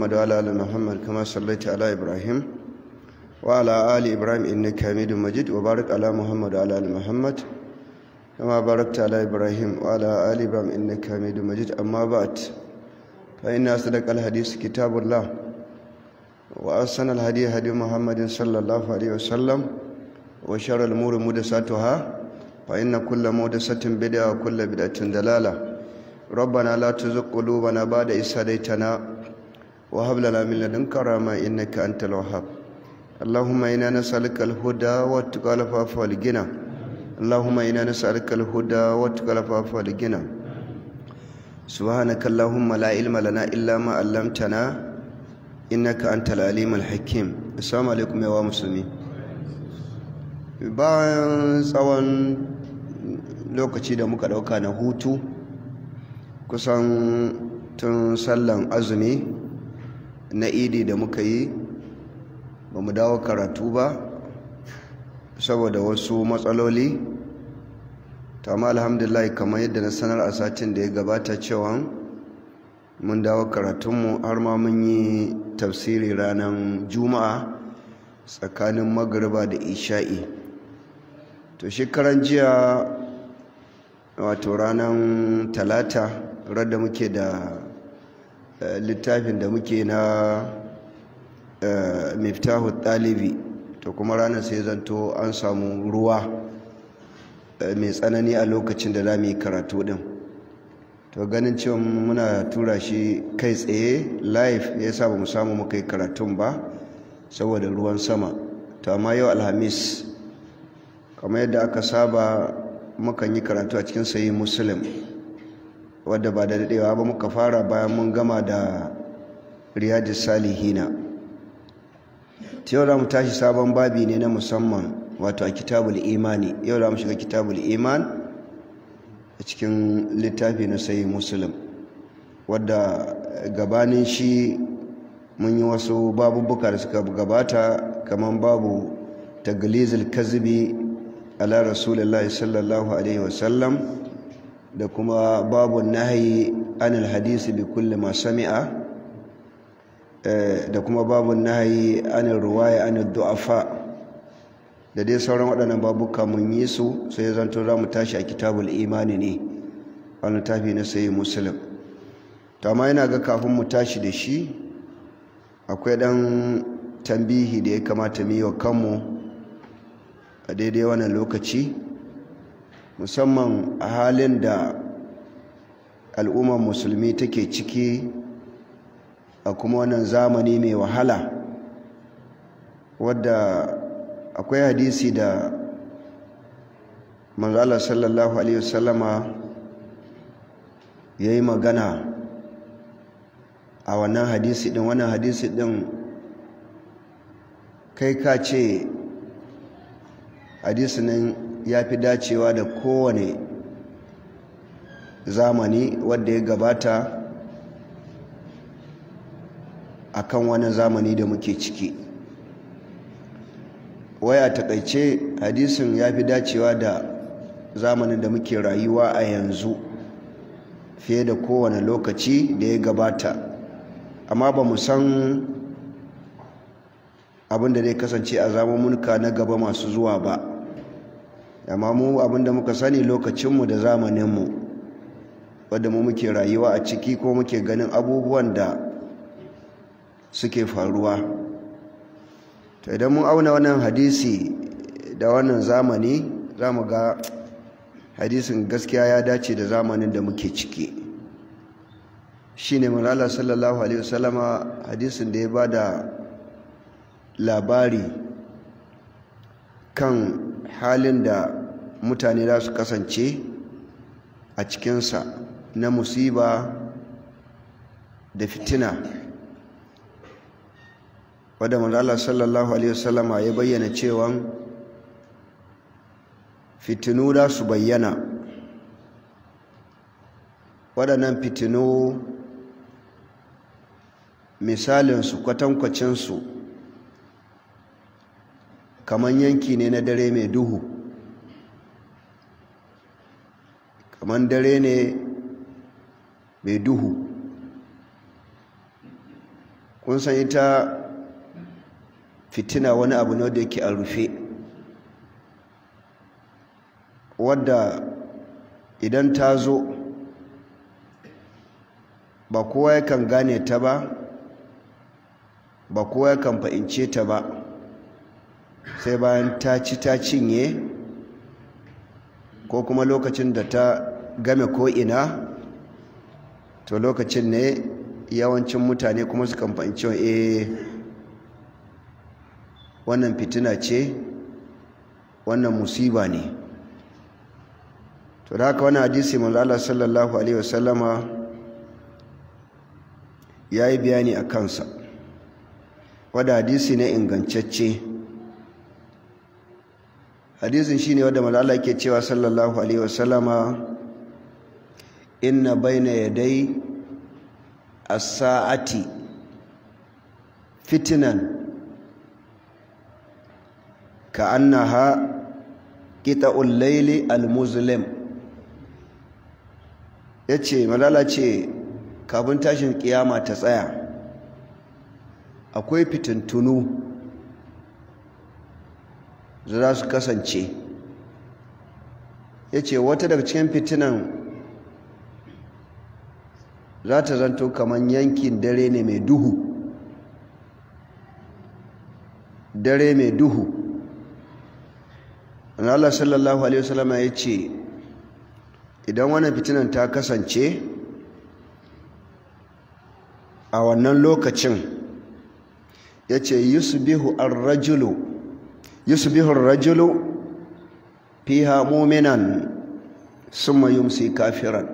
محمد وعلى آل محمد كما صليت على إبراهيم وعلى آل إبراهيم إنك حميد مجيد وبارك على محمد وعلى آل محمد كما باركت على إبراهيم وعلى آل إبراهيم إنك حميد مجيد أما بعد فإن أصدق الحديث كتاب الله وأحسن الهدي هدي محمد صلى الله عليه وسلم وشر الأمور محدثاتها فإن كل محدثة بدعة وكل بدعة دلالة ربنا لا تزغ قلوبنا بعد إذ هديتنا وهب لنا من لدنك رحمة إنك أنت الوهاب اللهم إنا نسألك الهدى والتقى العفاف والغنى اللهم إنا نسألك الهدى والتقى العفاف والغنى سبحانك اللهم لا علم لنا إلا ما علمتنا إنك أنت العليم الحكيم السلام عليكم يا مسلمين bayan tsawon lokaci da muka dauka na hutu kusan tun sallan azumi na idi da muka yi ba mu dawo karatu ba saboda wasu matsaloli ta ma alhamdulillah kamar yadda na sanar a satin da ya gabata cewa mun dawo karatunmu har ma mun yi tafsiri ranar juma'a tsakanin magariba da isha'i to shekaran jiya wato ranar talata radda muke da littafin da muke na eh, miftahu ɗalibi to kuma ranar sai zanto an samu ruwa eh, mai tsanani a lokacin da za mu yi karatu ɗin to ganin cewa muna tura shi kai tsaye laif, ya sa ba mu samu mu kai karatun ba saboda ruwan sama to amma yau alhamis kamar yadda aka saba mukan yi karatu a cikin sayi muslim wadda ba da daɗewa ba muka fara bayan mun gama da riyadis salihina yau mu tashi sabon babi ne na musamman wato a kitabul imani yau da mu shiga kitabul iman a cikin littafi na sayi musulun wadda gabanin shi mun yi wasu babubuka da suka gabata kamar babu tagalizil kazibi ala rasulullahi sallallahu alaihi wasallam da kuma babu nahayi anil hadisi bi kulle ma sami'a eh, da kuma babu nahayi anil ruwaya anil du'afa da dai sauran waɗannan babuka mun yi su sai ya zanto za mu tashi a kitabul imani ne wani tafi na sayi musulun to amma yana ga kafin mu tashi da shi akwai ɗan tambihi da ya kamata mu yi wa kanmu a daidai wannan lokaci musamman a halin da al'ummar musulmi take ciki a kuma wannan zamani mai wahala wadda akwai hadisi da manzala sallallahu alaihi wasallama ya yi magana a wannan hadisi din wannan hadisi din kai ka ce nan. ya fi dacewa da kowane zamani wadda ya gabata a kan wani zamani da muke ciki waya takaice hadisin ya fi dacewa da zamanin da muke rayuwa a yanzu fiye da kowane lokaci da ya gabata amma ba mu san abin da zai kasance a munka na gaba masu zuwa ba amma mu abinda muka sani lokacinmu da zamaninmu wadda mu muke rayuwa a ciki ko muke ganin abubuwan da suke faruwa ta idan mun auna wannan hadisi da wannan zamani za mu ga hadisin gaskiya ya dace da zamanin da muke ciki Shi shine malala sallallahu alaihi wasallama hadisin da ya ba da labari kan halin da mutane za su kasance a cikinsa na musiba da fitina wadda sallallahu alaihi wasallama ya bayyana cewa fitinu za su bayyana waɗannan fitinu misalinsu kwatankwacinsu kamar yanki ne na dare mai duhu kamar dare ne mai duhu kun san ita fitina wani abu ne da yake a rufe wadda idan ta zo ba kowa yakan gane ta ba ba kowa yakan fa'ince ta ba sai bayan ta ci ta cinye ko kuma lokacin da ta game ko'ina to lokacin ne yawancin mutane kuma su kamfanci wa e eh, wannan fitina ce wannan musiba ne to da haka wani hadisi manzala sallallahu alaihi wasallama ya yi bayani a kansa wadda hadisi ne ingancacce hadisin shi ne wadda Malala ke cewa sallallahu alaihi wasallama inna baina yadai a saati Fitinan. fitnan ha kita layli al Ya ce malala ce kafin tashin kiyama ta tsaya akwai fitintunu za su kasance ya ce wata daga cikin fitinan za ta zanto kamar yankin dare ne mai duhu dare mai duhu Allah sallallahu alaihi wasallama ya ce idan wannan fitinan ta kasance a wannan lokacin ya ce yusbihu ar-rajulu yusbihu ar-rajulu fiha mu'minan summa yumsi kafiran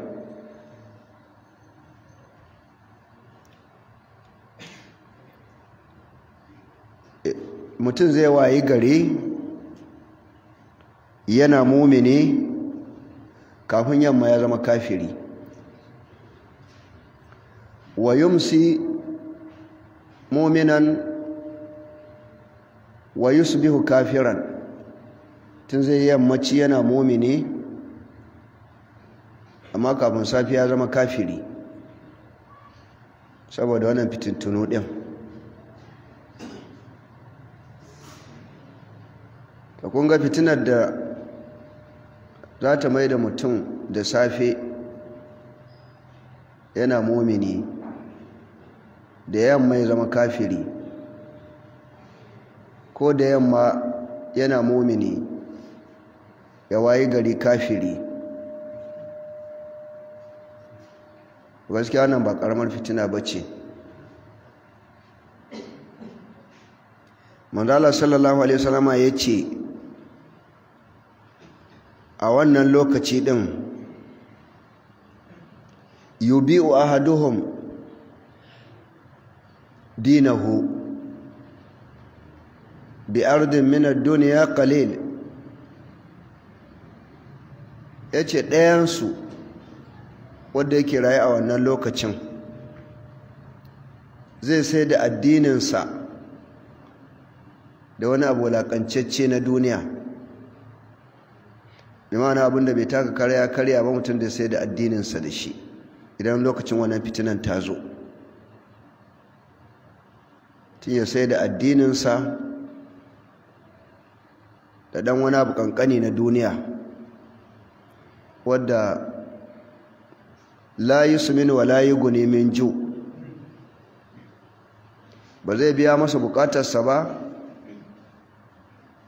mutum zai wayi gari yana mumini kafin yamma ya zama kafiri wa yumsi muminan wa yusbihu kafiran tun zai yammaci yana momini amma kafin safi ya zama kafiri saboda wannan tunu din ta kunga fitinar da za ta mai da mutum da safe yana momini da yamma ya zama kafiri ko da yamma yana mumini ya wayi gari kafiri gaskiya nan ba karamar fitina ba ce Mandala sallallahu alaihi Salama ya ce a wannan lokaci din yubi'u ahaduhum dinahu بأرض من الدنيا قليل yace ɗayansu wadda yake rayu a wannan lokacin zai sai da addininsa da wani abu wulaƙancacce na duniya da ma'ana abinda bai taka karya karya ba mutum da sai da addininsa da shi idan lokacin wannan fitinan ta zo tun ya sai da addininsa da dan wani abu kankani na duniya wadda layi su min wa layi guni min ju ba zai biya masa bukatarsa ba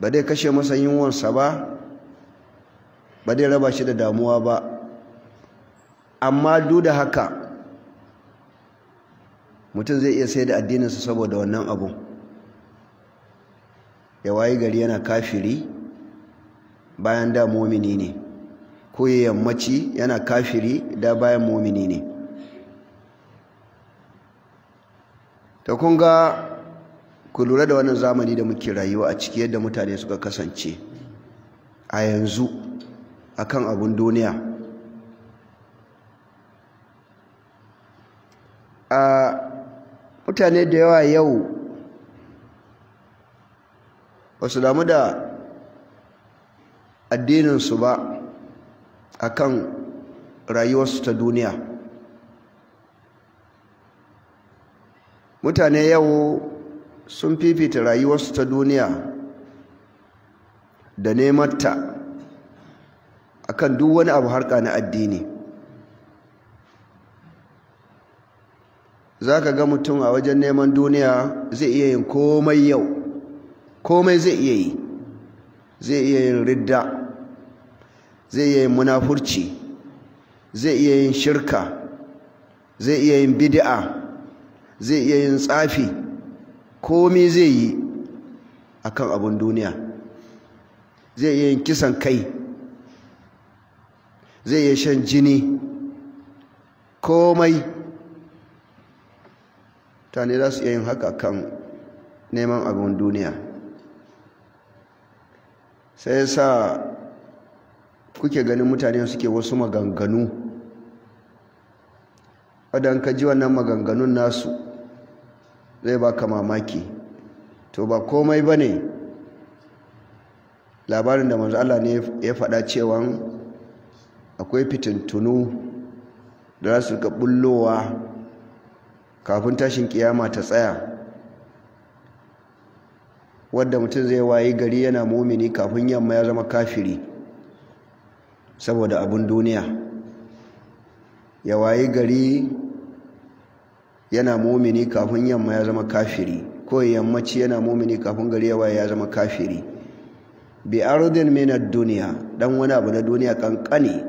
ba zai kashe masa yunwansa ba ba zai raba shi da damuwa ba amma duk da haka mutum zai iya sai da addininsa saboda wannan abu ya wayi gari yana kafiri bayan da momini ne ko ya yammaci yana kafiri da bayan momini ne ta kunga ku lura da wannan zamani da muke rayuwa a ciki yadda mutane suka kasance a yanzu a kan abin duniya a mutane da yawa yau ba su damu da addininsu ba a kan rayuwarsu ta duniya mutane yau sun fifita rayuwarsu ta duniya da nematta a kan duk wani abu harka na addini za ka ga mutum a wajen neman duniya zai iya yin komai yau komai zai iya yi zai iya yin ridda zai iya yin munafurci zai iya yin shirka zai iya yin bid'a zai iya yin tsafi komi zai yi a kan abin duniya zai iya yin kisan kai zai iya shan jini komai ne za su iya yin haka kan neman abin duniya sai sa kuke ganin mutane suke wasu maganganu wadda ka ji wannan maganganun nasu zai baka mamaki to ba komai ba ne labarin da manzo Allah ne ya faɗa cewa akwai fitintunu da za su ga bullowa kafin tashin kiyama ta tsaya wadda mutum zai wayi gari yana mumini kafin yamma ya zama kafiri saboda abin duniya ya wayi gari yana momini kafin yamma ya zama kafiri ko yammaci yana momini kafin gari ya waye ya zama kafiri bi ardin min duniya dan wani abu na duniya kankani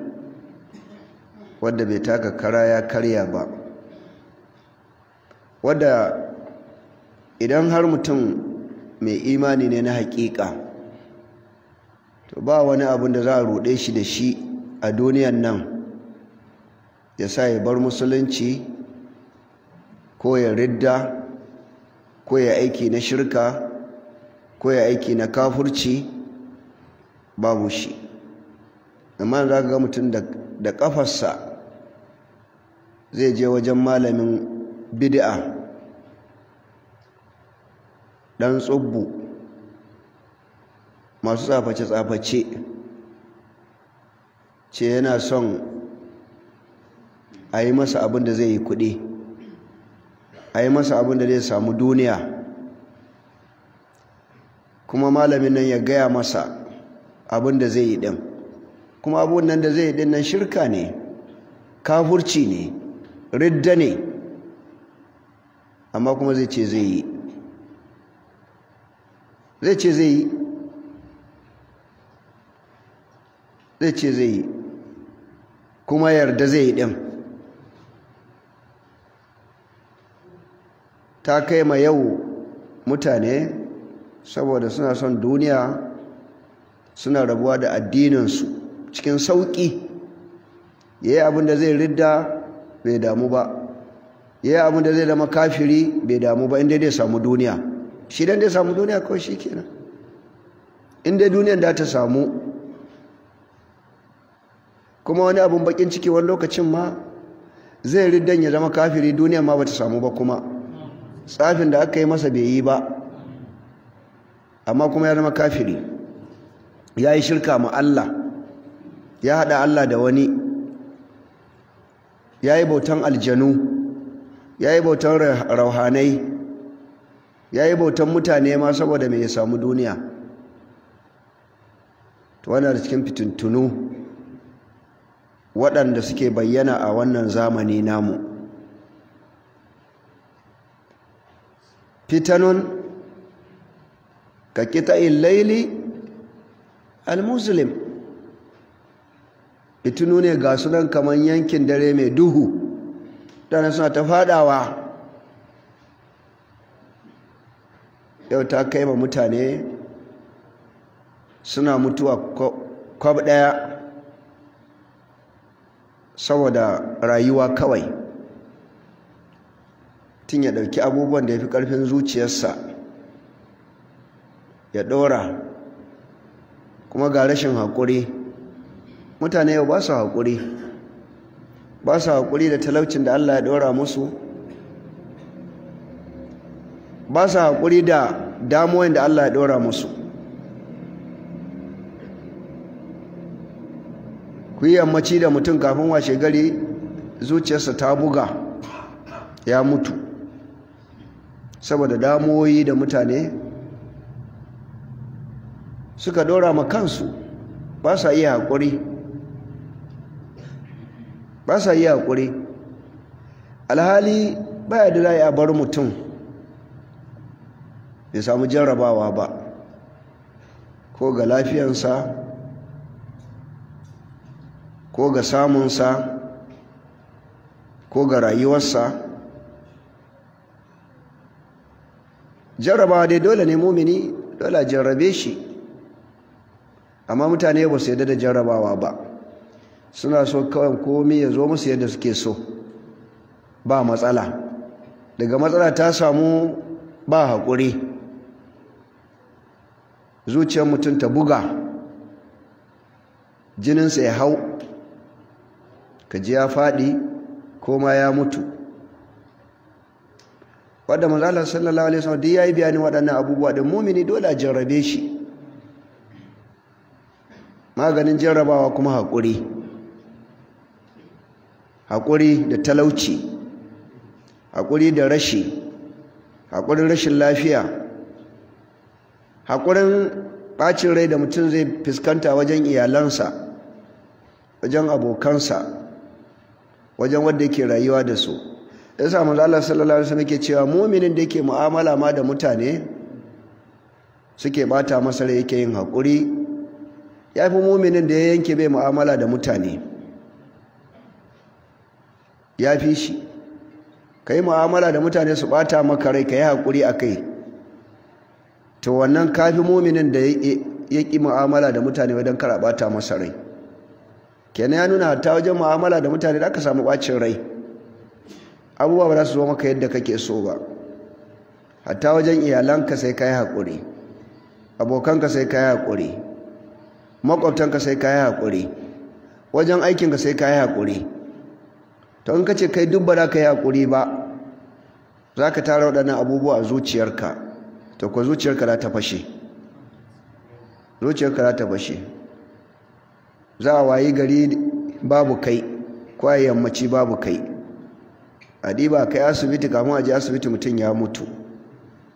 wadda bai taka kara ya karya ba wadda idan har mutum mai imani ne na haƙiƙa to ba wani abin da za a ruɗe shi da shi a duniyan nan ya sa ya bar musulunci ko ya ridda ko ya aiki na shirka ko ya aiki na kafurci babu shi amma za ga mutum da ƙafarsa zai je wajen malamin bid'a ɗan tsubbu masu tsaface-tsaface ce yana son a yi masa abin da zai yi kuɗi a yi masa abin da zai samu duniya kuma malamin nan ya gaya masa abin da zai yi ɗin kuma abin nan da zai yi ɗin nan shirka ne kafurci ne ridda ne amma kuma zai ce zai yi zai ce zai yi zai ce zai yi kuma yarda zai yi ɗin ta kai ma yau mutane saboda suna son duniya suna rabuwa da addininsu cikin sauƙi ya yi abin da zai ridda bai damu ba ya yi abin da zai zama kafiri bai damu ba inda dai samu duniya shi dan dai samu duniya kawai shi kenan inda duniyan da ta samu kuma wani abun bakin ciki wani lokacin ma zai riddan ya zama kafiri duniya ma bata samu ba kuma tsafin da aka yi masa bai yi ba amma kuma ya zama kafiri ya yi shirka ma Allah ya haɗa Allah da wani ya yi bautan aljanu ya yi bautan rauhanai ya yi bautan mutane ma saboda mai ya samu duniya wani da cikin fitintunu waɗanda suke bayyana a wannan zamani namu fitanun ka in laili al-muslim fitinu ne ga sunan kamar yankin dare mai duhu dana suna ta faɗawa. yau ta kai ma mutane suna mutuwa kwab ɗaya saboda rayuwa kawai tun ya ɗauki abubuwan da ya fi ƙarfin zuciyarsa ya ɗora kuma ga rashin haƙuri mutane yau ba su haƙuri ba su haƙuri da talaucin da allah ya ɗora musu ba su haƙuri da damuwan da allah ya ɗora musu ku yi yammaci da mutum kafin washe gari zuciyarsa ta buga ya mutu saboda damuwoyi da mutane suka dora ma kansu ba sa iya haƙuri ba sa iya haƙuri alhali baya da za a bar mutum ya samu jarrabawa ba ko ga lafiyansa ko ga samunsa ko ga rayuwarsa jarrabawa dai dole ne mumini dole a jarrabe shi amma mutane ba su yadda da jarrabawa ba suna so kawai komi ya zo musu yadda suke so ba matsala daga matsala ta samu ba haƙuri zuciyar mutum ta buga jininsa ya hau ka ji ya faɗi ko ma ya mutu wadda manzala sallallahu alaihi wasallam duk yayi bayanin waɗannan abubuwa da mumini dole a jarrabe shi maganin jarrabawa kuma haƙuri haƙuri da talauci haƙuri da rashi haƙurin rashin lafiya haƙurin ɓacin rai da mutum zai fuskanta wajen iyalansa wajen abokansa wajen wanda yake rayuwa da su ya samu Allah sallallahu alaihi wasallam cewa mu'minin da yake mu'amala ma da mutane suke bata masarai yake yin hakuri fi mu'minin da ya yanke bai mu'amala da mutane ya fi shi Ka yi mu'amala da mutane su bata maka rai haƙuri hakuri kai, to wannan fi mu'minin da ya ƙi mu'amala da mutane wajen kara bata masarai. kenan ya nuna hatta wajen mu'amala da mutane da aka samu bacin rai abubuwa ba za su zo maka yadda kake so ba hatta wajen iyalanka sai ka yi haƙuri abokanka sai ka yi haƙuri makwabtanka sai ka yi haƙuri wajen aikinka sai ka yi haƙuri to in ka ce kai duk ba za ka yi haƙuri ba za ka tara waɗannan abubuwa a zuciyarka to ko zuciyarka za ta fashe zuciyarka za ta fashe za a wayi gari babu kai ko a yammaci babu kai a diba kai asibiti kamun a je asibiti mutum ya mutu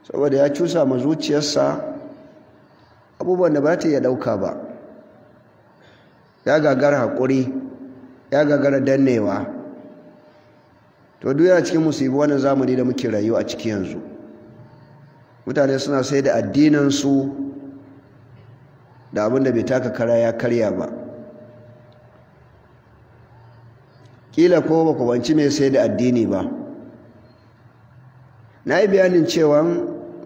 saboda ya cusa ma zuciyarsa abubuwan da ba ta iya ɗauka ba ya gagara haƙuri ya gagara dannewa to duk yana cikin musibi wannan zamani da muke rayu a ciki yanzu mutane suna sai da addinansu da abin da bai taka kara ya karya ba kila ko ba ku banci mai sai da addini ba na yi bayanin cewa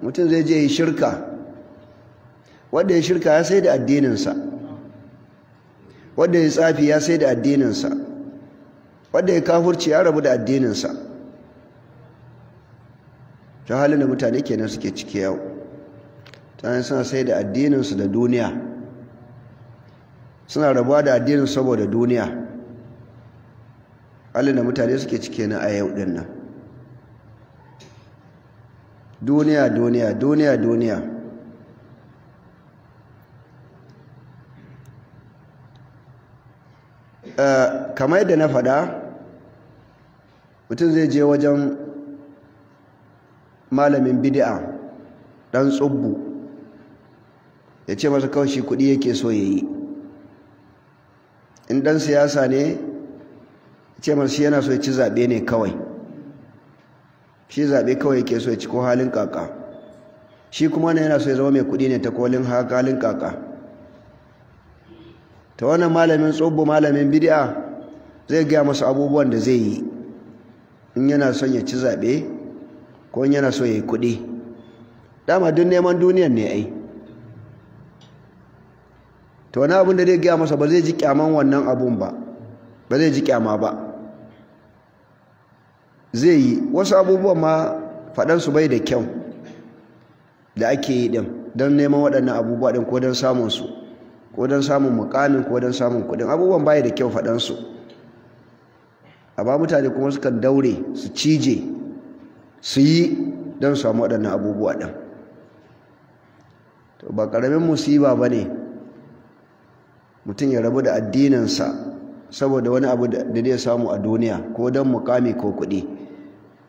mutum zai je yi shirka wadda ya shirka ya sai da addininsa wadda ya tsafi ya sai da addininsa wadda ya kafurci ya rabu da addininsa ta halin da mutane kenan suke ciki yau ta suna sai da addininsu da duniya suna rabuwa da addininsu saboda duniya halin da mutane suke cike na a yau ɗin nan duniya duniya duniya duniya eh, kamar yadda na faɗa mutum zai je wajen malamin bidi'a ɗan tsubbu ya ce masa kawai shi kuɗi yake so ya yi in ɗan siyasa ne ce masu shi yana so ya ci zaɓe ne kawai shi zaɓe kawai ke so ya ci ko halin kaka shi kuma na yana so ya zama mai kuɗi ne ta kolin halin kaka ta wannan malamin tsobo, malamin bidiya zai gaya masu abubuwan da zai yi in yana son ya ci zaɓe ko in yana so ya yi kuɗi dama duk neman duniyan ne ai ta wani abin da zai gaya masa ba zai ji kyaman wannan abun ba ba zai ji kyama ba zai yi wasu abubuwan ma faɗansu bai da kyau da ake yi ɗin don neman waɗannan abubuwa ɗin ko don samun su ko don samun mukamin ko don samun kuɗin abubuwan bai da kyau faɗansu a ba mutane kuma sukan daure su cije su yi don samu waɗannan abubuwa ɗin ba ƙaramin musiba ba ne mutum ya rabu da addininsa saboda wani abu da zai samu a duniya ko don mukami ko kuɗi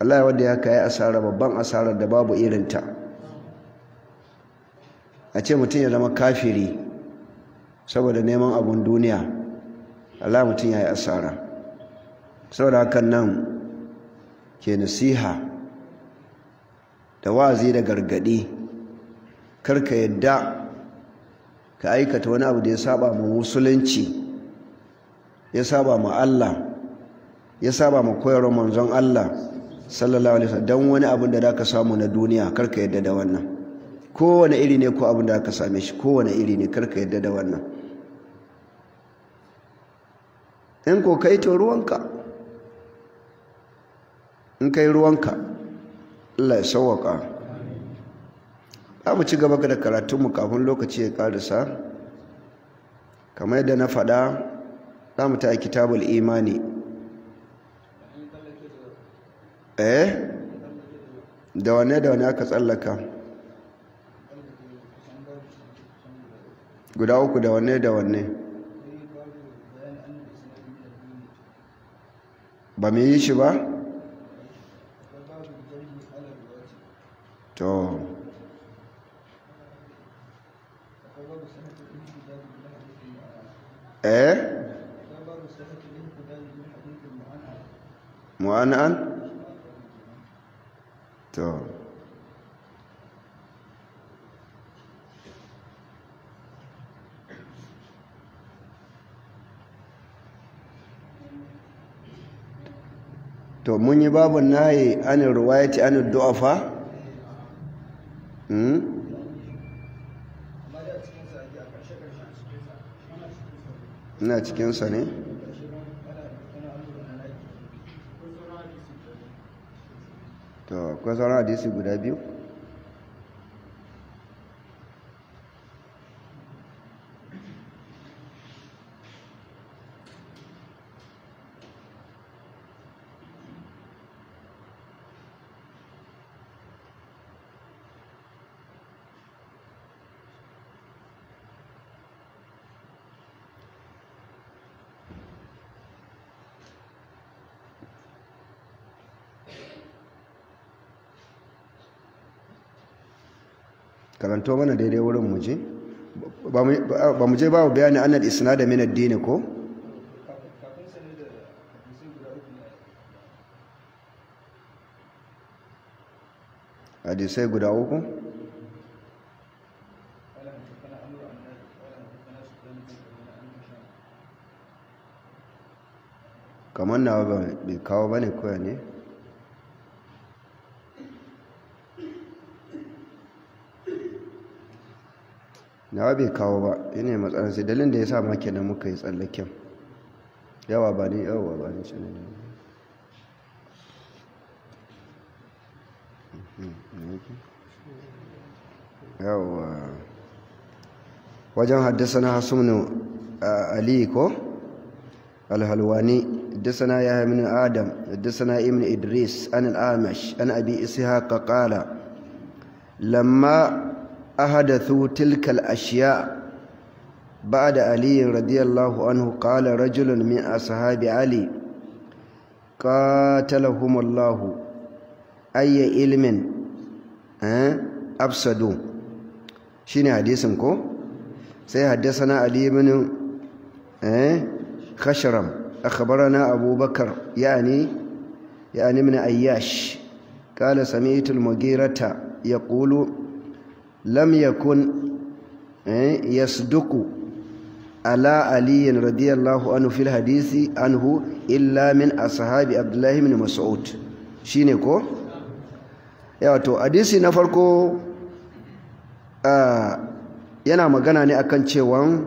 wallahi wanda ya kayi asara babban asarar da babu irinta a ce mutum ya zama kafiri saboda neman abun duniya Allah mutum ya yi asara saboda hakan nan ke nasiha da wazi da gargadi karka yadda ka aikata wani abu da ya saba ma musulunci ya saba ma Allah ya saba ma koyarwar manzon Allah sallallahu alaihi wasallam dan wani abin da zaka samu na duniya karka yadda da wannan kowane iri ne ko abin da zaka same shi kowane iri ne karka yadda da wannan in ko kai to ruwanka in kai ruwanka Allah ya sauwaka za mu ci gaba da mu kafin lokaci ya karisa kamar yadda na faɗa za mu ta kitabul imani eh da wane da wane aka tsallaka guda uku da wane da wane ba mu yi shi ba to eh mu'ana'an to to mun yi babu nayi an ruwayati an du'afa hmm ina cikinsa ne Quase a hora desse, Guré, viu? karanto mana daidai wurin muje? ba mu je ba bayani annal isnada min ad-din ko hadisai guda uku kamar nawa bai kawo bane koya ne nawa bai kawo ba ya ne matsalar sai dalin da ya sa maki na muka yi tsallaken yawa ba ni yawa ba ni shanin ne yawa wajen haddasa na hasumnu a ali ko alhalwani haddasa na ya haminu adam haddasa na imin idris an al'amash an abi isi haka kala lamma أحدثوا تلك الأشياء بعد علي رضي الله عنه قال رجل من أصحاب علي قاتلهم الله أي علم أفسدوا شين حديثكم سيحدثنا علي بن خشرم أخبرنا أبو بكر يعني يعني من أياش قال سمعت المغيرة يقول lam eh, yasduku ala aliyin radiyallahu anhu fil hadisi anhu illa min ashabi abdullahi min mas'ud shine ko yawa to hadisi na farko yana magana ne akan cewan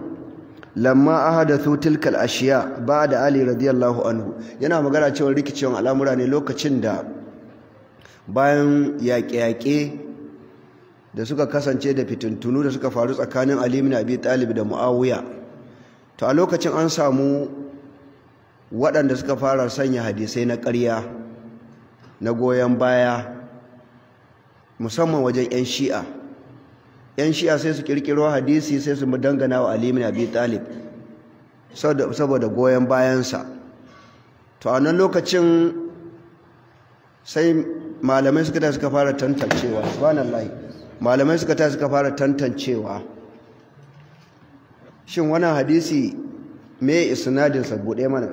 lamma ahadathu tilkal ashiya ba'da ali radiyallahu anhu yana magana cewan rikicewan al'amura ne lokacin da bayan yaƙe-yaƙe da suka kasance da fitintunu da suka faru tsakanin Ali Abi Talib da mu'awuya to a lokacin an samu waɗanda suka fara sanya hadisai na ƙarya na goyon baya musamman wajen 'yan shi'a 'yan shi'a sai su ƙirƙiro hadisi sai su dangana wa Ali Abi Talib saboda goyon bayansa to a nan lokacin sai malamai suka da suka fara tantancewa subhanallahi malamai suka ta suka fara tantancewa shin wannan hadisi me isnadin sa bude mana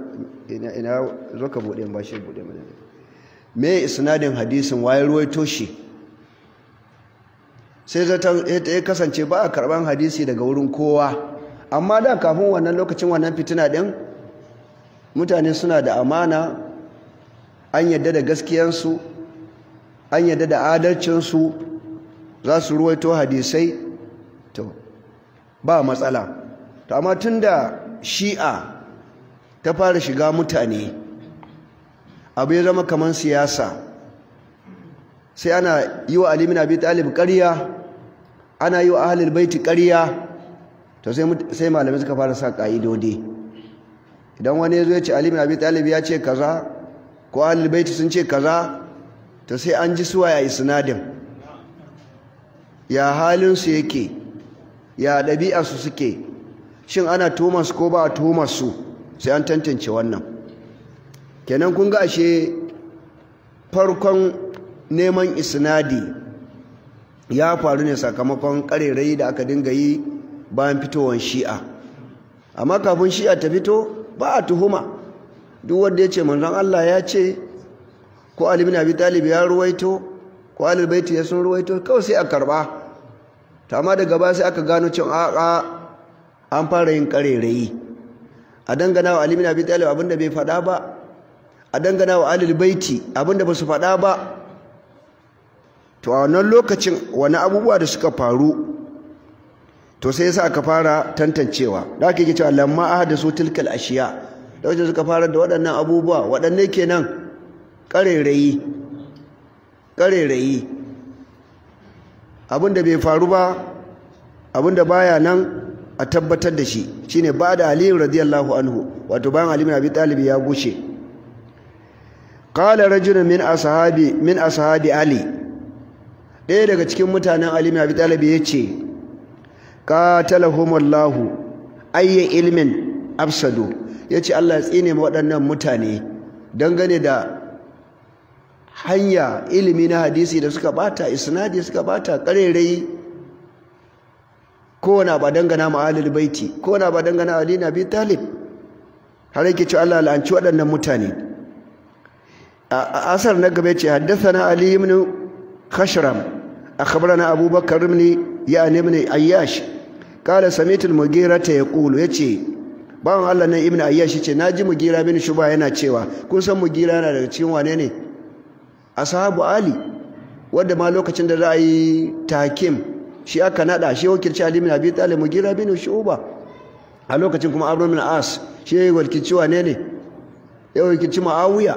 ina zo ka bude ba shi bude mana me isnadin hadisin waye ruwaito shi sai zata ya kasance ba a karban hadisi daga wurin kowa amma da kafin wannan lokacin wannan fitina din mutane suna da amana an yadda da gaskiyansu an yadda da adalcinsu za su ruwaito hadisai to ba matsala to amma tunda shi'a ta fara shiga mutane abu ya zama kamar siyasa sai ana yi wa alimin abi talib ƙarya ana yi wa ahalil baiti ƙarya to sai malamai suka fara sa ƙa'idodi idan wani ya zo ya ce alimin abi talib ya ce kaza ko ahalil baiti sun ce kaza to sai an ji suwaya a isnadin ya halinsu yake ya su suke shin ana tomas ko ba a su sai an tantance wannan kenan kun ga ashe farkon neman isnadi ya faru ne sakamakon ƙarerai da aka dinga yi bayan fitowar shi'a amma kafin shi'a ta fito ba a tuhuma duk wanda ya ce manzon Allah ya ce ko Ali Abi Talib ya ruwaito ko Ali ya sun ruwaito kawai sai a karba to amma daga ba sai aka gano cin a'a an fara yin karerayi a dangana wa alimin abi talib abinda bai faɗa ba a dangana wa alil baiti abinda ba su faɗa ba to a wannan lokacin wani abubuwa da suka faru to sai yasa aka fara tantancewa da aka yi cewa lamma su tilkal ashiya da wajen suka fara da waɗannan abubuwa waɗanne kenan karerayi karerayi abin da bai faru ba abin da baya nan a tabbatar da shi shine ba da aliyu radiyallahu anhu wato bayan alimin abi talibi ya gushe qala rajulun min ashabi min ashabi ali ɗaya daga cikin mutanen alimin abi talibi ya ce qatalahumullahu ayya ilmin afsadu ya ce allah ya tsine waɗannan mutane dangane da hanya ilimi na hadisi da suka bata isnadi suka bata karerai na ba dangana ma baiti baiti na ba dangana ali na bi talib har yake ci Allah la'anci waɗannan mutane a asar na gaba ce haddathana ali ibn khashram akhbarana abubakar ibn ne ibn ayyash qala samitul mugira ta yaqulu yace ban Allah nan ibn ayyash yace naji mugira bin shuba yana cewa kun san mugira yana daga cikin wane ne ashabu ali wadda ma lokacin da za a yi takim shi aka nada shi wakilci ali bin abi talib mugira bin shuba a lokacin kuma amr min as shi ya wakilci wane ne ne, ya wakilci ma'awiya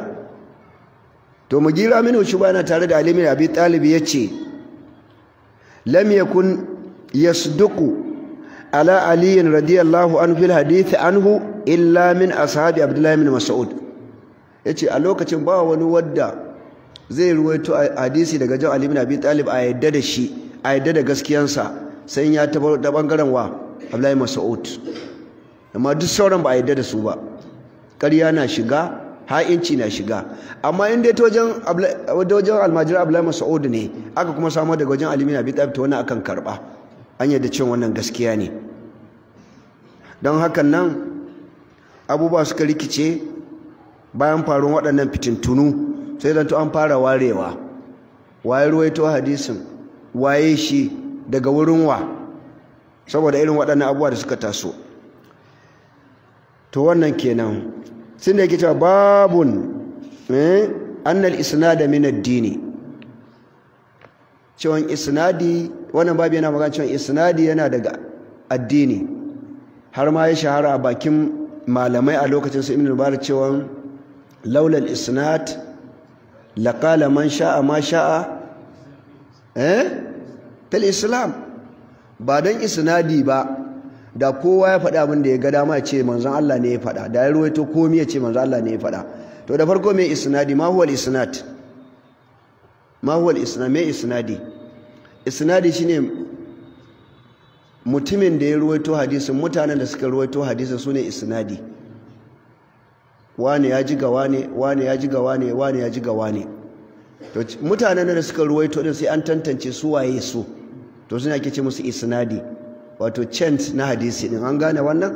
to mugira min shuba yana tare da ali bin abi talib ya ce lam yakun yasduqu ala aliyin radiyallahu anhu fil hadithi anhu illa min ashabi abdullahi min mas'ud ya ce a lokacin ba wani wadda zai ruwaito hadisi daga jan Ali ibn Talib a yadda da shi a yadda da gaskiyansa sai ya taba da bangaren wa Abdullahi Mas'ud amma duk sauran ba a yadda da su ba ƙarya na shiga ha'inci na shiga amma in dai ta wajen almajira Abdullahi Mas'ud ne aka kuma samu daga wajen Ali ibn Talib ta wani akan karba an yadda cin wannan gaskiya ne don hakan nan abubuwa suka rikice bayan faruwar waɗannan fitintunu sai zanto an fara warewa waye ruwaito hadisin waye shi daga wurin wa saboda irin waɗannan abubuwa da suka taso to wannan kenan sun da yake cewa babun eh annal isnada min ad-dini cewan isnadi wannan babu yana magana cewan isnadi yana daga addini har ma ya shahara a bakin malamai a lokacin su ibn al-mubarak cewan laulal isnad laƙala man sha'a ma sha'a eh fil islam ba don isnadi ba da kowa ya faɗa abin da ya ga dama ya ce manzon Allah ne ya faɗa da ya to komai ya ce manzon Allah ne ya faɗa to da farko mai isnadi ma huwal isnad ma isnad mai isnadi isnadi shine mutumin da ya to hadisin mutanen da suka ruwaito hadisin sune isnadi wane ya ji ga wane wane ya ji ga wane wane ya ji ga wane to mutanen da suka ruwaito din sai an tantance su waye su to suna ake ce musu isnadi wato chant na hadisi din an gane wannan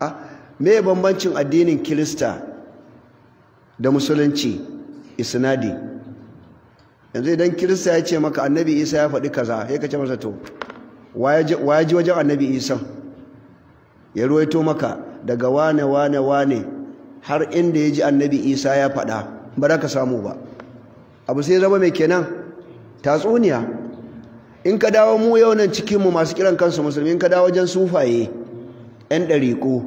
a ah, me bambancin addinin kirista da musulunci isnadi yanzu idan kirista ya ce maka annabi isa ya faɗi kaza ya kace masa to wa ya ji wajen annabi isa ya ruwaito maka daga wane wane wane har inda ya ji annabi isa ya faɗa ba za ka samu ba abu sai zama mai kenan tatsuniya in ka dawo mu yau nan cikinmu masu kiran kansu musulmi in ka dawo wajen sufaye 'yan ɗariƙo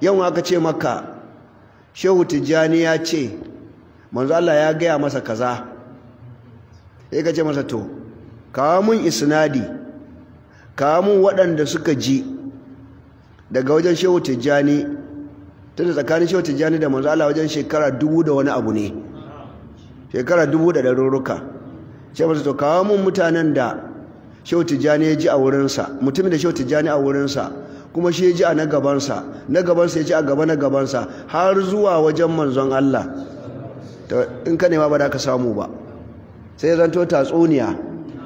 yau aka ce maka shehu tijjani ya ce manzo Allah ya gaya masa kaza sai ka ce masa to kawo mun isnadi kawo mun waɗanda suka ji daga wajen shehu tijjani da tsakanin shehu tijjani da manzo Allah wajen shekara dubu da wani abu ne shekara dubu da ɗarurruka ce masu to kawo mun mutanen da shehu tijjani ya ji a wurinsa mutumin da shehu tijjani a wurinsa kuma shi ya ji a na gabansa na gabansa ya ji a gaba na gabansa har zuwa wajen manzon Allah to in ka nema ba da ka samu ba sai zanto tatsuniya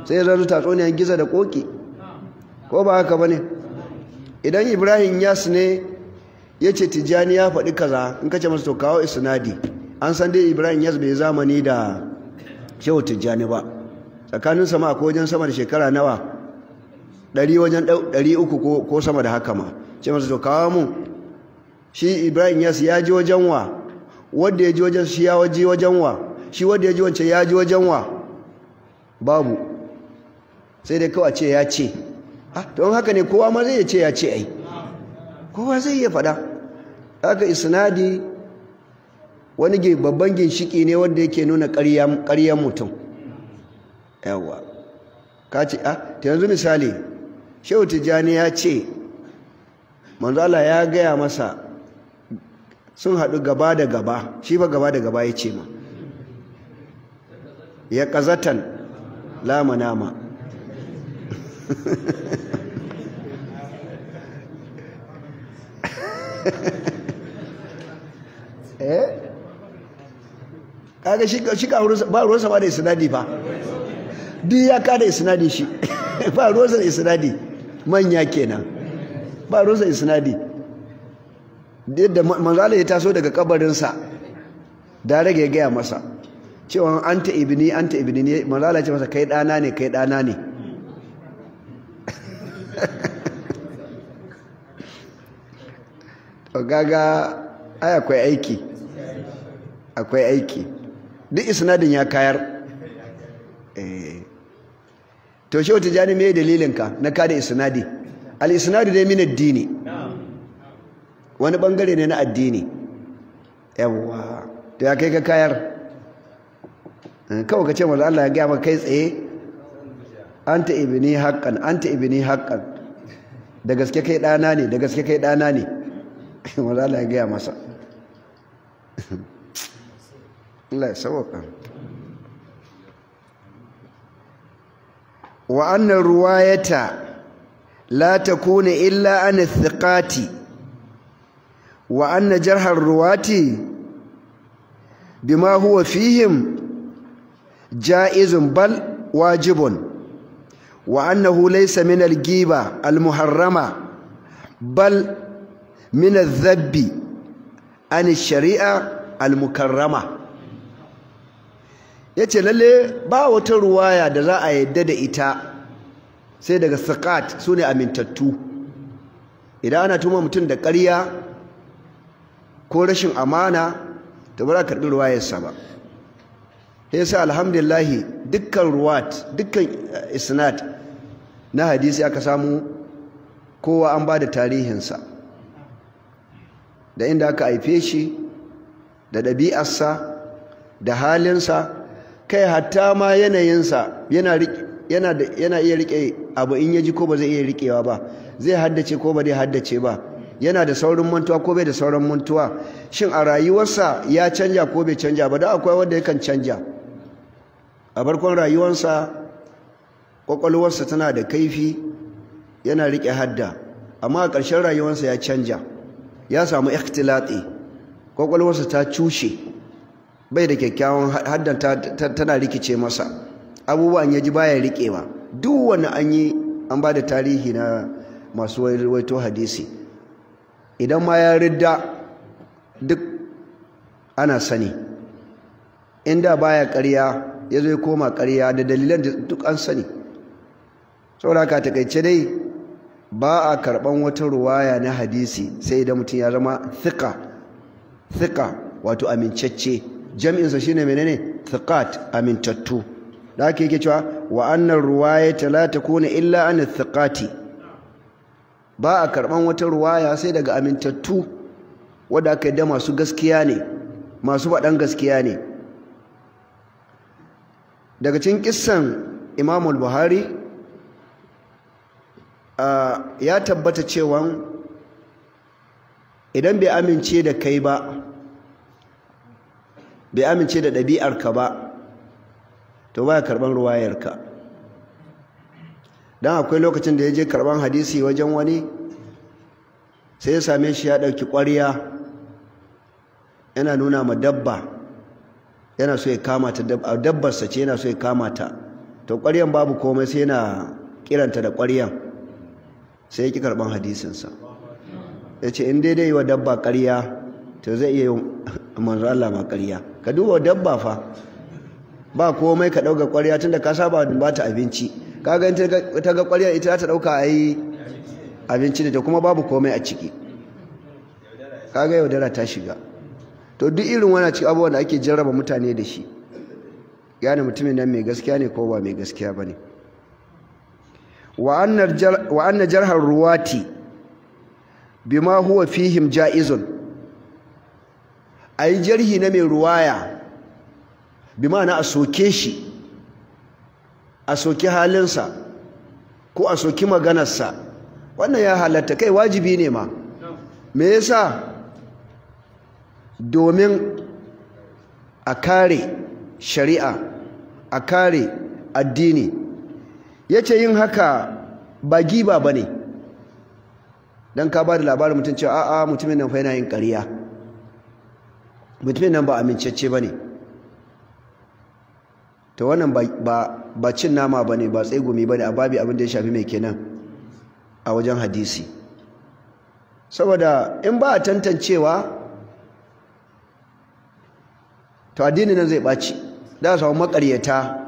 sai zanto tatsuniyan giza da koki ko ba haka bane ne idan ibrahim yas ne ya ce tijjani ya faɗi kaza in ka ce masa to kawo isnadi an san dai ibrahim yas bai zamani da shehu tijjani ba tsakanin sama ko wajen sama da shekara nawa ɗari wajen ɗari uku ko sama da haka ma ce masu to kawo mu shi ibrahim yas ya ji wajen wa wadda ya ji wajen shi ya waje wajen wa shi wadda ya ji wancan ya ji wajen wa babu sai dai kawai ce ya ce don haka ne kowa ma zai ce ya ce ai kowa zai iya faɗa haka isnadi wani babban ginshiki ne wanda yake nuna ƙaryan mutum yawa ka ce a ah, ta yanzu misali shehu tijjani ya ce manzala ya gaya masa sun haɗu gaba da gaba shi ba gaba da gaba ya ce ma ya ƙazatan lama nama eh kaga shi ka ba ruwansa ba da isnadi fa di ya ka da isnadi shi ba ruwansa da isnadi manya kenan ba ruwansa isnadi da manzala ya taso daga kabarinsa da rage ya gaya masa cewa an ta ibini ne manzala ce masa kai dana ne kai dana ne to gaga ai akwai aiki akwai aiki duk isnadin ya kayar eh. to shi wata jani me dalilinka na kada isnadi al isnadi dai min addini wani bangare ne na addini yawwa to ya kai ka kayar eh, kawai ka ce manzo Allah ya gaya maka kai tsaye anta ibni haqqan anta ibni haqqan da gaske kai dana ne da gaske kai dana ne manzo Allah ya gaya masa Allah ya sauka wa anna ruwayata la takuna illa an thiqati wa anna jarha ruwati bima huwa fihim ja'izun bal wajibun wa annahu laysa min al-ghiba al-muharrama bal min adh sharia al yace lalle ba wata ruwaya da za a yadda da ita sai daga saqat sune amintattu idan ana tuma mutum da ƙarya ko rashin amana to ba za ka karɓi sa ba sai alhamdulillah dukkan ruwat dukkan eh, isnad na hadisi aka samu kowa an ba da tarihinsa da inda aka haife shi da ɗabi'arsa da halinsa kai hatta ma yanayinsa yana iya riƙe abu in yaji ji ko ba zai iya riƙewa ba zai haddace ko ba zai haddace ba yana da saurin mantuwa ko bai da saurin mantuwa shin a rayuwarsa ya canja ko bai canja ba da akwai wanda yakan canja a barkon rayuwarsa kwakwalwarsa tana da kaifi yana riƙe hadda amma a ƙarshen rayuwarsa ya canja ya samu ikhtilati kwakwalwarsa ta cushe bai da kyakkyawan haddan tana rikice masa abubuwan ya ji baya riƙewa duk wani an yi an ba da tarihi na masu waito hadisi idan ma ya ridda duk ana sani inda baya karya ya zo koma karya da dalilan da duk an sani saboda takaice dai ba a karɓan wata ruwaya na hadisi sai idan mutum ya zama thika thika wato amincacce jam'insa shine menene thiqat amintattu da ake yake cewa wa annar ta la takuna illa an thiqati ba a karɓan wata ruwaya sai daga amintattu wanda aka da masu gaskiya ne masu faɗan gaskiya ne daga cikin kissan Imam buhari ya tabbata cewa idan bai amince da kai ba bai amince da ɗabi'arka ba to baya karban ruwayarka dan akwai lokacin da ya je karban hadisi wajen wani sai ya same shi ya ɗauki ƙwariya yana nuna ma dabba yana so ya kama ta dabbarsa ce yana so ya kama ta to ƙwaryan babu komai sai yana kiranta da ƙwaryan sai ya ki hadisinsa ya ce in daidai wa dabba ƙarya to zai iya yin manzo Allah ma ƙarya ka duba dabba fa ba komai ka ɗauka ƙwarya tunda ka saba ba ta abinci kaga in ta ga ƙwarya ita ta ɗauka a yi abinci da ta kuma babu komai a ciki kaga yaudara ta shiga to duk irin wana ci abubuwan da ake jarraba mutane da shi Gane mutumin nan mai gaskiya ne ko ba mai gaskiya ba ne wa jarhar ruwati ma huwa fihim ja'izun a yi jarhi na mai ruwaya bi na a soke shi a soke halinsa ko a soke maganarsa wannan ya halatta kai wajibi ne ma me yasa domin a kare shari'a a kare addini ya ce yin haka ba giba ba ne, don ka ba da labarin mutum cewa a'a mutumin nan fa yana yin ƙarya mutumin nan ba amincacce ne, ta wannan ba cin nama ba ne, ba tsegumi ne, a babi abin da ya shafi mai kenan a wajen hadisi saboda in ba a tantancewa to addini nan zai ɓaci za a samu makaryata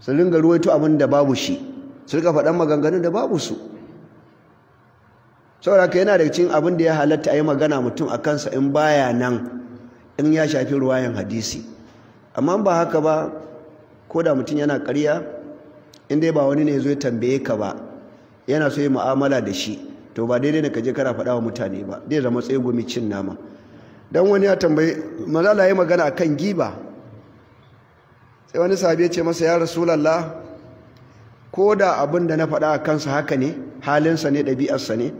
su ringa ruwaito abin da babu shi su rika faɗan maganganun da babu su saboda ka yana da cin abin da ya halatta a yi magana mutum a kansa in baya nan in ya shafi ruwayan hadisi amma ba haka ba ko da mutum yana karya, in dai ba wani ne zo ya tambaye ka ba yana so ya mu'amala da shi to ba daidai ne ka je kana faɗa wa mutane ba zai zama tsegumi cin nama Don wani ya tambayi mazala ya magana kan giba sai wani sahabi ya ce masa ya rasulallah ko da abin da na faɗa a kansa haka ne halinsa ne ɗabi'arsa ne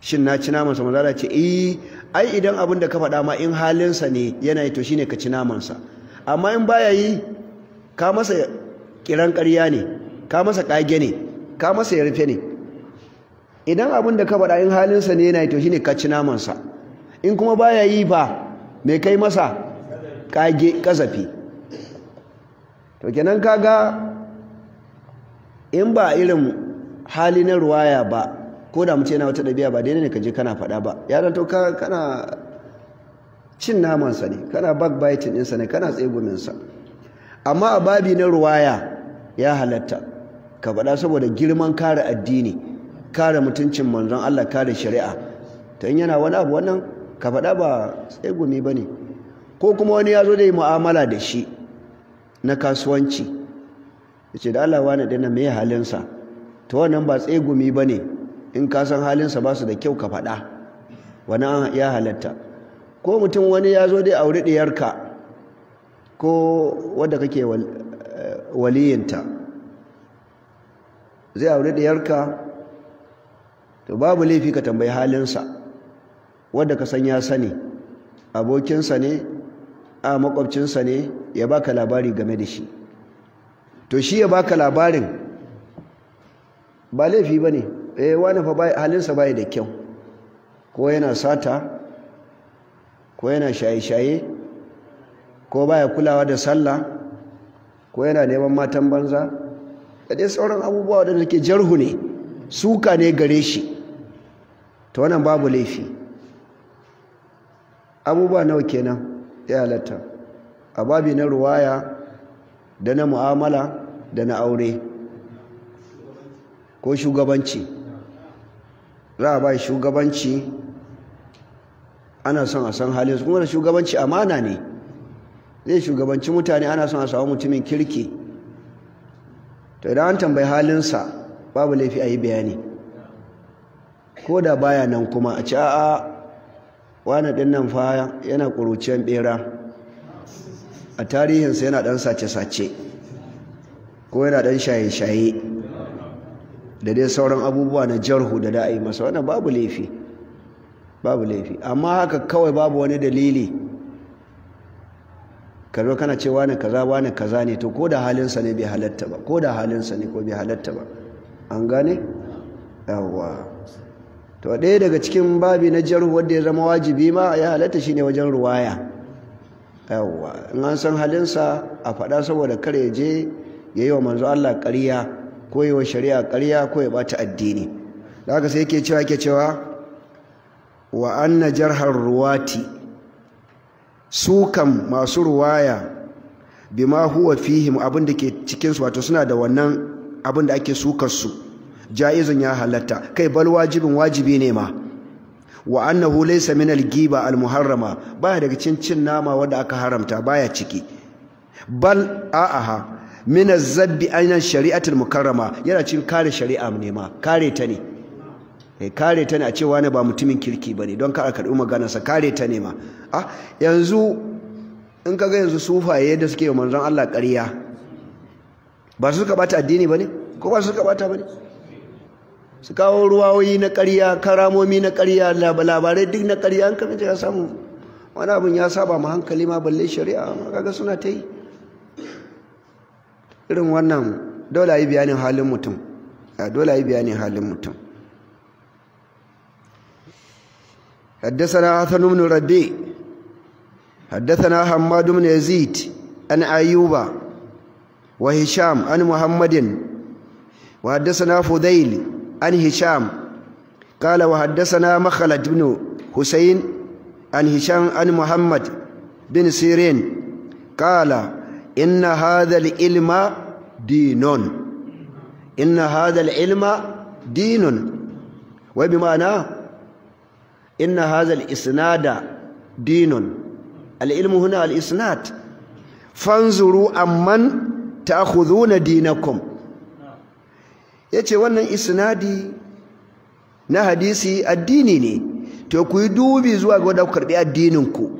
shin na ci namansa mazala ce eh ai idan abin da ka faɗa ma in halinsa ne yana yi to shine ka ci namansa amma in baya yi ka masa kiran ƙarya ne ka masa ƙage ne ka masa ya rufe ne idan abin da ka faɗa in halinsa ne yana yi to shine ka ci namansa in kuma baya yi fa mai kai masa kage kasafi to kenan kaga in ba irin hali na ruwaya ba ko da mace yana wata ɗabi'a ba daidai ne ka je kana faɗa ba ya zanto kana cin namansa ne kana biting ɗinsa ne kana tseguminsa amma a babi na ruwaya ya halatta ka faɗa saboda girman kare addini kare mutuncin manzon Allah kare shari'a ta yana wani abu wannan ka faɗa ba tsegumi ba ne ko kuma wani ya zo da yi mu'amala da shi na kasuwanci da ce da Allah wani ɗana mai halinsa ta wannan ba tsegumi ba ne in ka san halinsa ba su da kyau ka faɗa wani ya halatta ko mutum wani ya zo dai auri ɗiyarka ko wadda kake eh, waliyinta zai auri ɗiyarka to babu laifi ka tambayi halinsa wanda ka san ya sani abokinsa ne a makwabcinsa ne ya baka labari game da shi to shi ya baka labarin ba laifi ba ne eh wani fa halinsa bai da kyau ko yana sata ko yana shaye-shaye ko baya kulawa da sallah ko yana neman matan banza da dai sauran abubuwa wadanda ke jarhu ne suka ne gare shi ta wannan babu laifi abubuwa nawa kenan ya halatta a babi na ruwaya da na mu'amala da na aure ko shugabanci za a ba shugabanci ana son a san halin su kuma da shugabanci amana ne zai shugabanci mutane ana son a samu mutumin kirki to idan an tambayi halinsa babu laifi a yi bayani ko da baya nan kuma a ci a'a wane ɗin nan fa yana ƙuruciyar ɓera a tarihinsa yana ɗan sace-sace ko yana ɗan shaye-shaye da dai sauran abubuwa na jarhu da da'ayi masa wannan babu laifi babu laifi amma haka kawai babu wani dalili ka zo kana cewa ne kaza wani kaza ne to ko da halinsa ne bai halatta ba ko da halinsa ne ko bai halatta ba an gane yawwa to ɗaya daga cikin babi na jarhu wanda ya zama wajibi ma ya halatta shi ne wajen ruwaya yawwa in an san halinsa a faɗa saboda kar ya je ya yi wa manzo Allah ƙarya ko yi wa shari'a ƙarya ko ya bata addini da haka sai yake cewa yake cewa wa anna jarhar ruwati sukan masu ruwaya ma huwa fihim abin da ke cikinsu wato suna da wannan abin da ake sukar su jaizun ya halatta kai bal wajibin wajibi ne ma wa annahu laysa min al-giba al-muharrama baya daga cin cin nama wanda aka haramta baya ciki bal a'aha min az-zabbi aynan shari'atul mukarrama yana cin kare shari'a ne ma kare ta ne eh, kare ta ne a cewa ne ba mutumin kirki bane don ka magana maganarsa kare ta ne ma ah yanzu in kaga yanzu sufaye da suke wa manzon Allah ƙarya ba su suka bata addini bane ko ba su suka bata bane su kawo ruwawoyi na ƙarya karamomi na ƙarya labarai duk na ƙarya an kamar ya samu wani abin ya saba ma hankali ma balle shari'a kaga suna ta yi irin wannan dole yi bayanin halin mutum Ya dole yi bayanin halin mutum حدثنا عثمان بن ربيع حدثنا حماد بن يزيد عن أيوب وهشام عن محمد وحدثنا فذيل عن هشام قال وحدثنا مخلد بن حسين عن هشام عن محمد بن سيرين قال إن هذا العلم دين إن هذا العلم دين وبمعنى إن هذا الإسناد دين العلم هنا الإسناد فانظروا أمن تأخذون دينكم yace wannan isnadi na hadisi addini ne to ku yi dubi zuwa ga wadda ku karbi addininku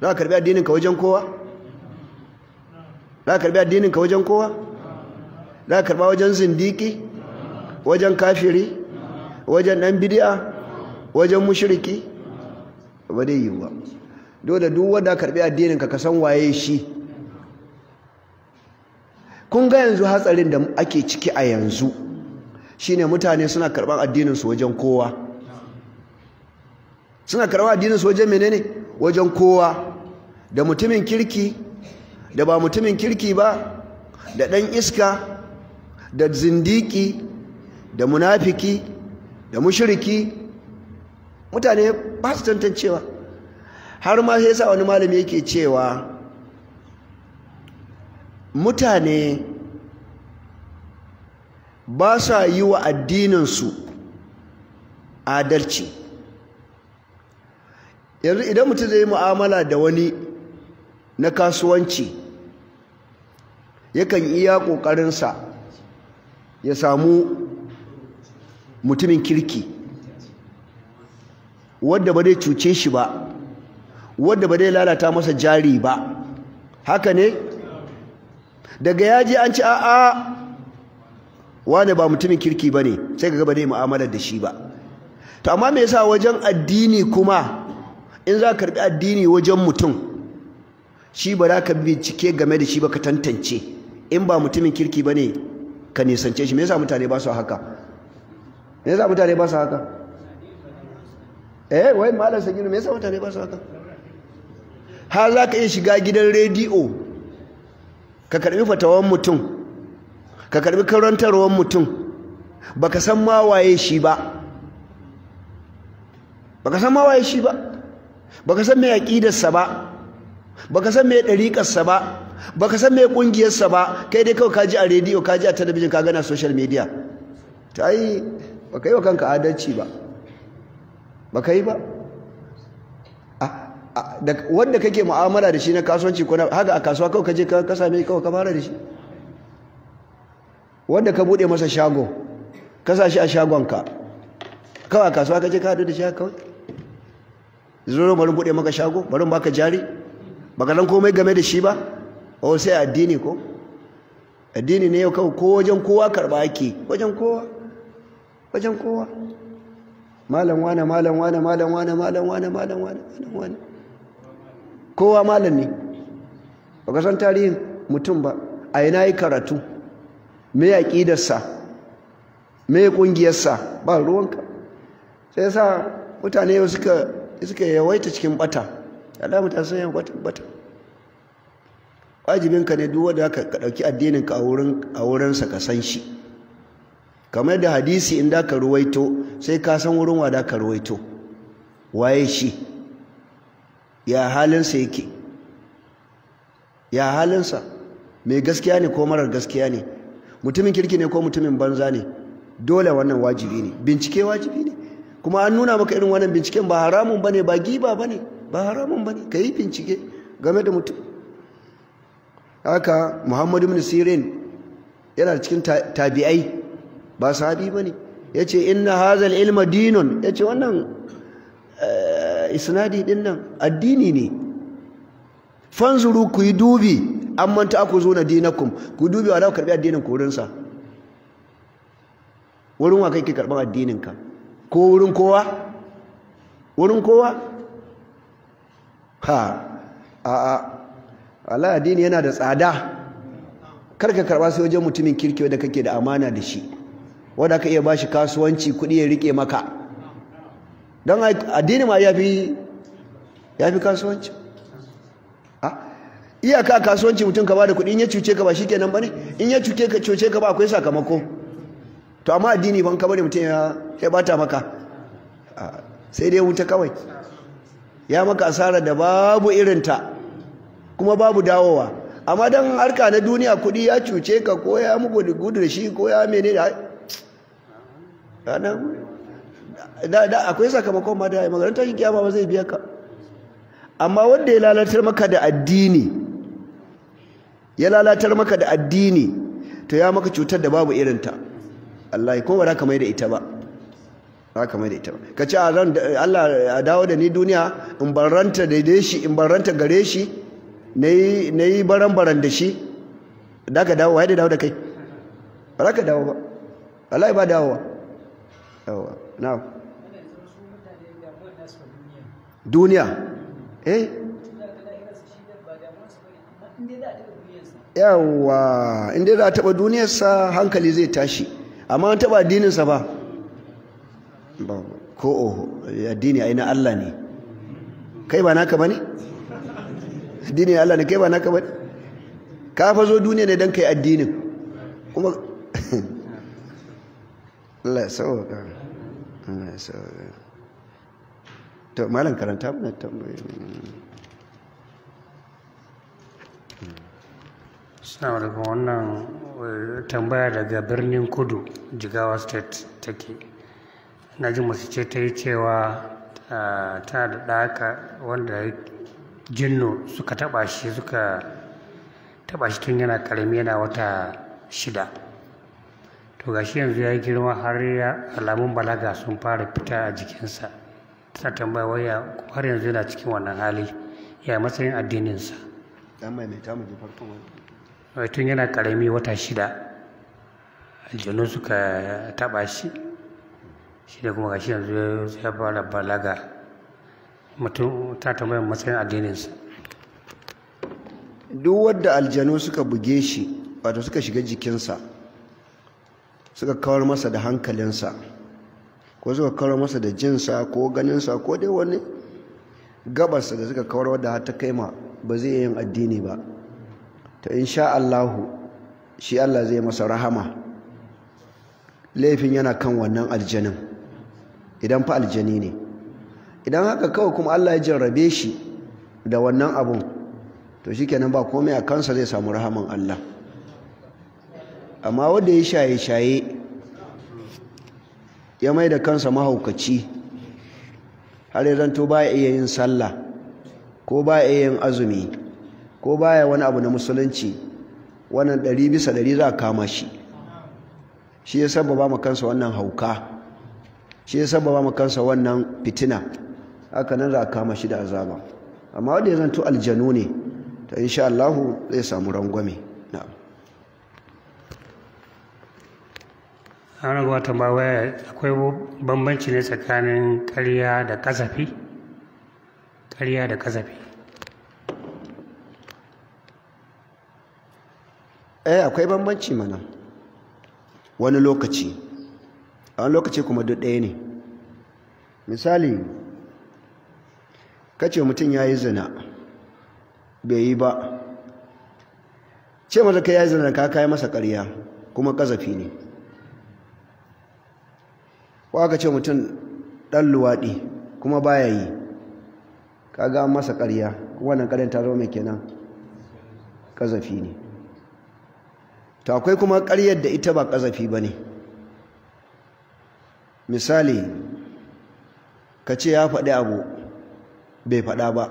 za ka karbi addininka wajen kowa za ka karbi addininka wajen kowa za ka karba wajen zindiki wajen kafiri wajen ɗan bidiya? wajen mushiriki ba dai yiwuwa dole duk wadda karbi addininka ka ka san waye shi kun ga yanzu hatsarin da ake ciki a yanzu shine mutane suna karban addinin wajen kowa suna karban addinin su wajen menene wajen kowa da mutumin kirki da ba mutumin kirki ba da ɗan iska da zindiki da munafiki da mushriki mutane ba su tantancewa har ma sai yasa wani malami yake cewa mutane ba sa yi wa addininsu adalci yanzu idan mutum zai yi mu'amala da wani na kasuwanci yakan iya ƙoƙarinsa ya samu mutumin kirki wadda ba zai cuce shi ba wadda ba zai lalata masa jari ba haka ne daga yaji an ci a'a wane ba mutumin kirki ba ne sai ka gaba dai mu'amalar da shi ba to amma me yasa wajen addini kuma in za karbi addini wajen mutum shi ba za ka bincike game da shi ba ka tantance in ba mutumin kirki ba ne ka nisance shi me yasa mutane ba su haka me yasa mutane ba su haka eh wai malam sagino me yasa mutane ba su haka har za ka iya shiga gidan rediyo ka karbi fatawan mutum ka karbi karantarwar mutum baka san ma waye shi ba baka san ma waye shi ba baka san me aqidarsa ba baka san me ɗariƙarsa ba baka san me ƙungiyarsa ba kai dai kawai kaji a rediyo kaji a talabijin ka gana social media ta yi baka yi wa kanka adalci ba baka yi ba wanda kake mu'amala da shi na kasuwanci ko na haka a kasuwa kawai kaje ka same kawai ka fara da shi wanda ka bude masa shago ka sa shi a shagonka kawai kasuwa ka je ka haɗu da shi kawai zuru barin bude maka shago barin baka jari baka nan komai game da shi ba o sai addini ko addini ne yau kawai ko wajen kowa karɓa ake wajen kowa wajen kowa malam wane malam wane malam wane malam wane malam wane malam wane kowa malam ne ba ka san tarihin mutum ba a ina yi karatu me ƙidarsa me ƙungiyarsa ba ruwanka sai sa mutane yau suka suka yawaita cikin bata Allah mutane sun yawaita bata wajibinka ne duk wanda ka ɗauki addinin ka a wurinsa ka san shi kamar da hadisi in da ka ruwaito sai ka san wurin wa da ka ruwaito waye shi ya halinsa yake ya halinsa mai gaskiya ne ko marar gaskiya ne mutumin kirki ne ko mutumin banza ne dole wannan wajibi ne bincike wajibi ne kuma an nuna maka irin wannan binciken ba haramun bane ba giba bane ba haramun bane ka yi bincike game da mutum haka muhammadu bin sirin yana cikin tabi'ai ba sahabi bane ya ce inna hazal ilma dinun ya ce wannan eh, isnadi din nan addini ne fanzuru ku yi dubi an manta aku zo na dinakum ku dubi wa karbi addinin korinsa wurin wa kai ke karban addininka ko wurin kowa wurin kowa ha a a ala addini yana da tsada karka karba sai wajen mutumin kirki wanda kake da amana da shi wanda ka iya bashi kasuwanci kuɗi ya rike maka don addini ma ya fi kasuwanci iyaka kasuwanci mutum ka bada kuɗi in ya cuce ka ba shi ba ne in ya cuce ka cuce ka ba akwai sakamako to amma addini ban ka bane mutum ya ya bata maka sai dai wuta kawai ya maka asara da babu irinta kuma babu dawowa amma dan harka na duniya kuɗi ya cuce ka ko ya mugu gudu da shi ko ya mene da da akwai sakamakon ma da ya magaranta shi kiyama ba zai biya ka amma wanda ya lalatar maka da addini ya lalatar maka da addini to ya maka cutar da babu irinta Allah ko ba za ka mai da ita ba za ka mai da ita ba ka ce Allah a dawo da ni duniya in da daidai shi in baranta gare shi na yi baran baran da shi da ka dawo waye da dawo da kai ba za ka dawo ba Allah ba ba yawa Na. duniya eh yawa inda za a taɓa duniyarsa hankali zai tashi amma an taɓa addininsa ba ko oho addini ai na Allah ne kai ba naka ba ne addini Allah ne kai ba naka ba ne ka fa zo duniya ne don kai addinin kuma Allah ya sauka Allah ya sauka to malam karanta mana tambayi. Assalamu alaikum wannan eh, tambaya daga birnin kudu Jigawa State take. Na ji masu ce ta yi cewa ah, ta da ɗaka wanda jinnu suka taɓa shi suka taɓa shi tun yana ƙarami yana wata shida. To ga shi yanzu ya yi girma har ya alamun balaga sun fara fita a jikinsa. Ta tambaya waya har yanzu yana cikin wannan hali ya matsayin addininsa. tun yana ƙarami wata shida aljanu suka taɓa shi shi da kuma gashi yanzu ya fara balaga mutum ta tambaya matsayin addininsa duk wadda aljanu suka buge shi wato suka shiga jikinsa suka kawar masa da hankalinsa ko suka kawar masa da jinsa ko ganinsa ko dai wani gabarsa da suka kawar wadda ta kai ma ba zai yin addini ba In insha Allahu shi Allah zai masa rahama laifin yana kan wannan aljanin idan fa aljani ne idan haka kawai kuma Allah ya jarrabe shi da wannan abun to shikenan ba komai a kansa zai samu rahaman Allah amma wanda ya shaye-shaye ya mai da kansa mahaukaci har ya zanto ba iya yin sallah ko ba iya yin azumi ko baya wani abu na musulunci wannan ɗari bisa ɗari za a kama shi shi ya sababa ba kansa wannan hauka shi ya sababa ba kansa wannan fitina haka nan za a kama shi da azaba amma wanda ya zanto aljanu ne ta insha Allahu zai samu rangwame na an wata ba waya akwai bambanci ne tsakanin ƙarya da kasafi ƙarya da kasafi eh akwai bambanci mana wani lokaci a wani lokaci kuma duk ɗaya ne misali kace mutum ya yi zina bai yi ba ce masa ka ya yi zina ka kayi masa ƙarya kuma ƙazafi ne ko aka ce mutum ɗan luwaɗi kuma baya yi ka ga masa ƙarya wannan ƙaryar ta zama mai kenan ƙazafi ne to akwai kuma ƙaryar da ita ba ƙazafi ba ne misali ka ce ya faɗi abu bai faɗa ba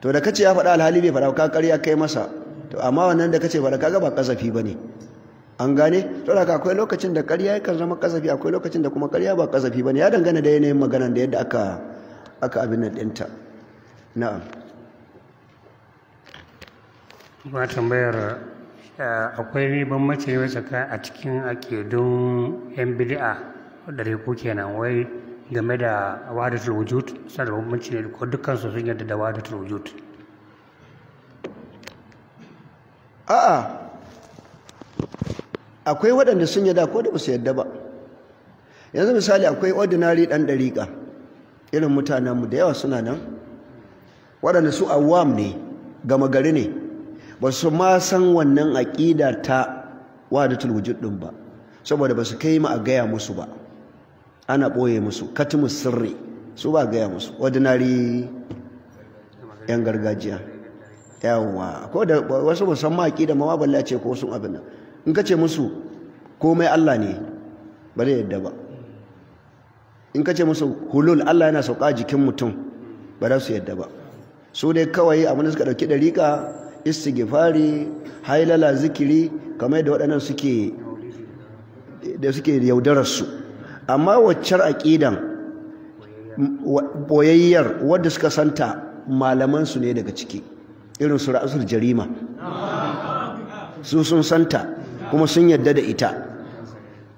to da ka ce ya faɗa alhali bai faɗa ka ƙarya kai masa to amma wannan da ka ce faɗa kaga ba ƙazafi ba ne an gane to da akwai lokacin da ƙarya kan zama ƙazafi akwai lokacin da kuma ƙarya ba ƙazafi ba ne ya dangana da yanayin maganan da yadda aka aka abin nan ɗinta na'am ba tambayar Eh, akwai bambanci ne tsakanin a cikin aƙidun yan bid'a da ko kenan wai game da wahadatul wujud suna da bambanci ne ko dukkan su sun yadda da wahadatul wujud a'a akwai waɗanda sun yadda ko da ba su yadda ba yanzu misali akwai ordinary dan dariƙa irin mutanenmu da yawa suna nan waɗanda su awam ne gama gari ne ba su ma san wannan aƙida ta wadatul wujud ɗin ba saboda ba su kai ma a gaya musu ba ana ɓoye musu katimu sirri su ba gaya musu ordinary yan gargajiya yawa ko da wasu ba san ma aƙida ma balla ce ko sun abin nan in ka ce musu komai Allah ne ba zai yadda ba in ka ce musu hulul Allah yana sauka jikin mutum ba za su yadda ba su dai kawai abin da suka ɗauki ɗariƙa istighfari hailala zikiri kamar da waɗannan suke da suke yaudararsu amma waccar aƙidan boyayyar wanda suka santa malamansu ne daga ciki irin su ra'asul jarima su sun santa kuma sun yadda da ita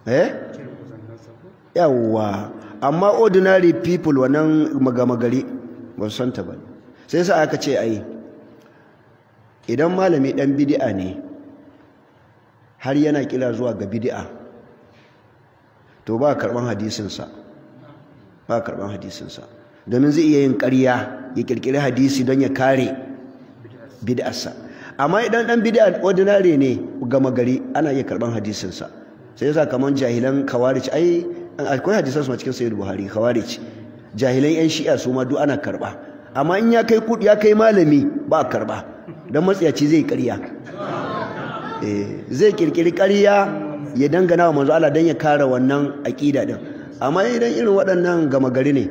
eh yawwa amma ordinary people wannan magamagari ba su santa ba sai sa aka ce ai idan malami ɗan bidi'a ne har yana kira zuwa ga bidi'a to ba karɓar hadisinsa ba karɓar hadisinsa domin zai iya yin ƙarya ya ƙirƙiri hadisi don ya kare bid'arsa amma idan ɗan bid'a ordinary ne ga gari ana iya karɓar hadisinsa sai yasa kamar jahilan kawarici ai akwai hadisan su cikin sayyid buhari kawarici jahilan yan shi'a su ma duk ana karba amma in ya kai kudi ya kai malami ba karba don matsiyaci zai karya eh, zai kirkiri ƙarya ya dangana wa manzo Allah don ya kare wannan aƙida din amma idan irin waɗannan gama gari ne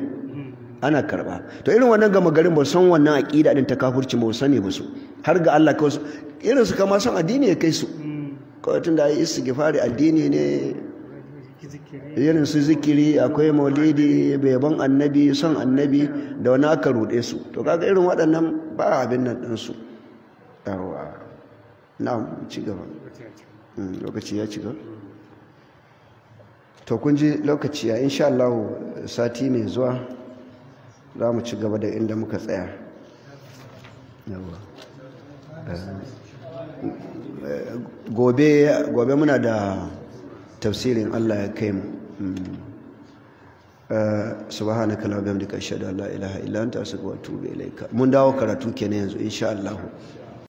ana karɓa. to irin wannan gama garin ba san wannan aƙida din ta kafurci ba sani ba su har ga Allah kawai irin su kama san addini ya kai su kawai tun da ya istighfari addini ne irin su zikiri akwai maulidi beban annabi son annabi da wani aka ruɗe su to kaga irin waɗannan ba abin nan ɗinsu yawa na ci gaba mm, lokaci ya ci gaba to kun ji lokaci ya insha Allah sati mai zuwa za mu ci gaba da inda muka tsaya eh, gobe muna da tafsirin Allah ya kai mu mm. eh, subhanaka la bihamdika ashhadu an la ilaha illa anta astaghfiruka wa atubu ilaika mun dawo karatu kenan yanzu insha Allah